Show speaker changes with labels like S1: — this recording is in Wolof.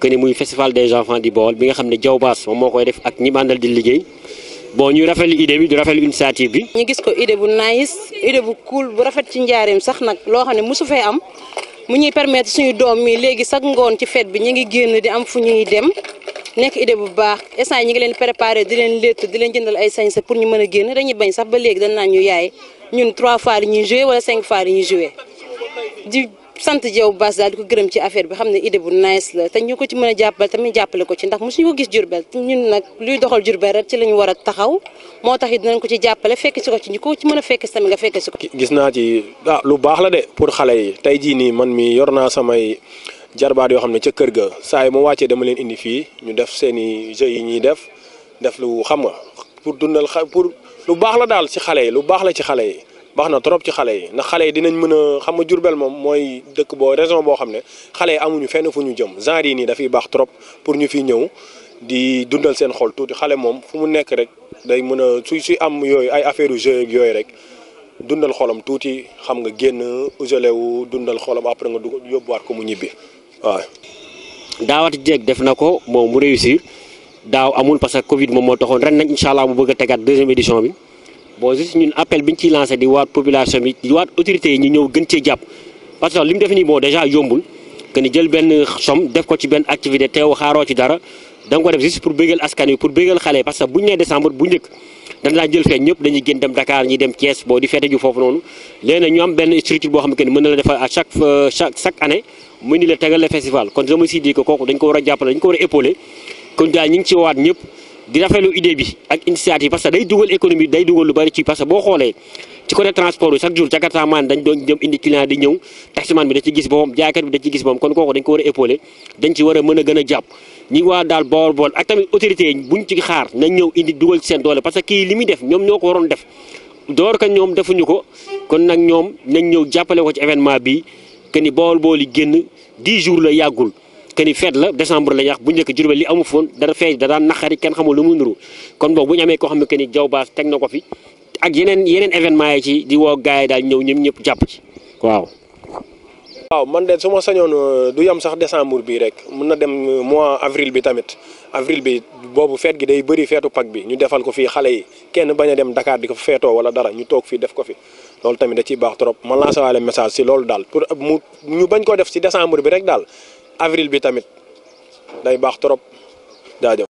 S1: que ni muy festival des enfants du Baol bi nga xam ne Diaw Baas moo koy def ak ñi àndal di liggéey bon ñu rafetlu idée bi du rafetlu initiative bi.
S2: ñu gis ko idée bu nice idée bu cool bu rafet ci njaareem sax nag loo xam ne mosu fee am mu ñuy permettre suñu doom mi léegi sax ngoon ci fête bi ñu ngi génn di am fu ñuy dem. nekk idée bu baax instant ñu ngi leen préparé di leen létt di leen jëndal ay sañse pour ñu mën a génn dañuy bañ sax ba léegi dañ ñu yaay ñun trois cinq fois yi ñuy joué sant Diaw Bass daal di ko gërëm ci affaire bi xam ne idée bu nice la te ñu ko ci mën a jàppale tamit jàppale ko ci ndax mosuñu ko gis Jurbel ñun nag luy doxal Jurbel rek ci la ñu war a taxaw moo tax it dinañ ko ci jàppale fekk si ko ci ñu ko ci mën a fekk si tamit nga fekk si ko. gis
S3: naa ci ah lu baax la de pour xale yi tey jii nii man mi yor naa samay jarbaat yoo xam ne ca kër ga saa yi mu wàccee dama leen indi fii ñu def seeni i yi ñuy def def lu xam nga pour dundal xa pour lu baax la daal ci xale yi lu baax la ci xale yi baax na trop ci xale yi ndax xale yi dinañ mën a xam nga Jurbel moom mooy dëkk boo raison boo xam ne xale yi amuñu fenn fu ñu jëm genre yi nii dafay baax trop pour ñu fi ñëw di dundal seen xol tuuti xale moom fu mu nekk rek day mën a su suy am yooyu ay affaire yu jeu ak yooyu rek dundal xolam tuuti xam nga
S1: génn usolewu dundal xolam après nga dugg yóbbuwaat ko mu ñibbi waaw. daawati jéeg def na ko moom mu réussir daaw amul parce que Covid moom moo taxoon ren nag incha tegaat deuxième édition bi. bon juste ñun appel bi ñu ciy lancé di waat population bi di waat autorités ñu ñëw gën cee jàpp parce que def nii bon déjà yombul que jël benn somme def ko ci benn activité teew xaaroo ci dara da nga ko def juste pour bëggal askan wi pour bëggal xale parce que bu ñu nee décembre bu njëkk dañ laa jël fee ñëpp dañuy gën dem Dakar ñi dem Thiès boo di feete foofu noonu léegi ñu am benn structure boo xam ne mën na la defal à euh, chaque année mu ni la tegal le ko war a jàppale dañ ko war di rafelu idée bi ak initiative parce que day dugal économie day dugal lu bari ci parce que boo xoolee ci côté transport bi chaque jour Jakarta man dañ doon indi client di ñëw taximan bi da ci gis boppam jaaykat bi da ci gis boppam dañ ko war a épauler dañ ci war a mën a gën a jàpp ñi waa daal bool bool ak tamit autorité buñ ci xaar nañ ñëw indi dugal ci seen doole parce que kii li def ñoom ñoo ko waroon def door ka ñoom defuñu ko kon nag ñoom nañ ñëw jàppale ko ci événement bi que ni bool bool yi génn 10 jours la yàggul que ni feet la décembre la yàq bu njëkk Jurbel li amu foon dara feeñ da daan naqari kenn xamul lu mu nuru kon boobu bu ñu amee koo xam ne que ni Jaw Baas teg na ko fi ak yeneen yeneen événement yi ci di woo gars yi daal ñëw ñoom ñëpp jàpp ci waaw. man de su ma sañoon euh, du yem sax décembre bii rek
S3: mun na dem euh, mois avril bi tamit avril bi boobu feet gi day bëri feetu Pâques bi ñu defal ko fii xale yi kenn bañ a dem ndakaar di ko feetoo wala dara ñu toog fii def ko fi loolu tamit da ciy baax trop ma lancer message si loolu daal pour mu ñu bañ ko def si décembre bi rek daal. avril bi tamit day baax trop jaajëf.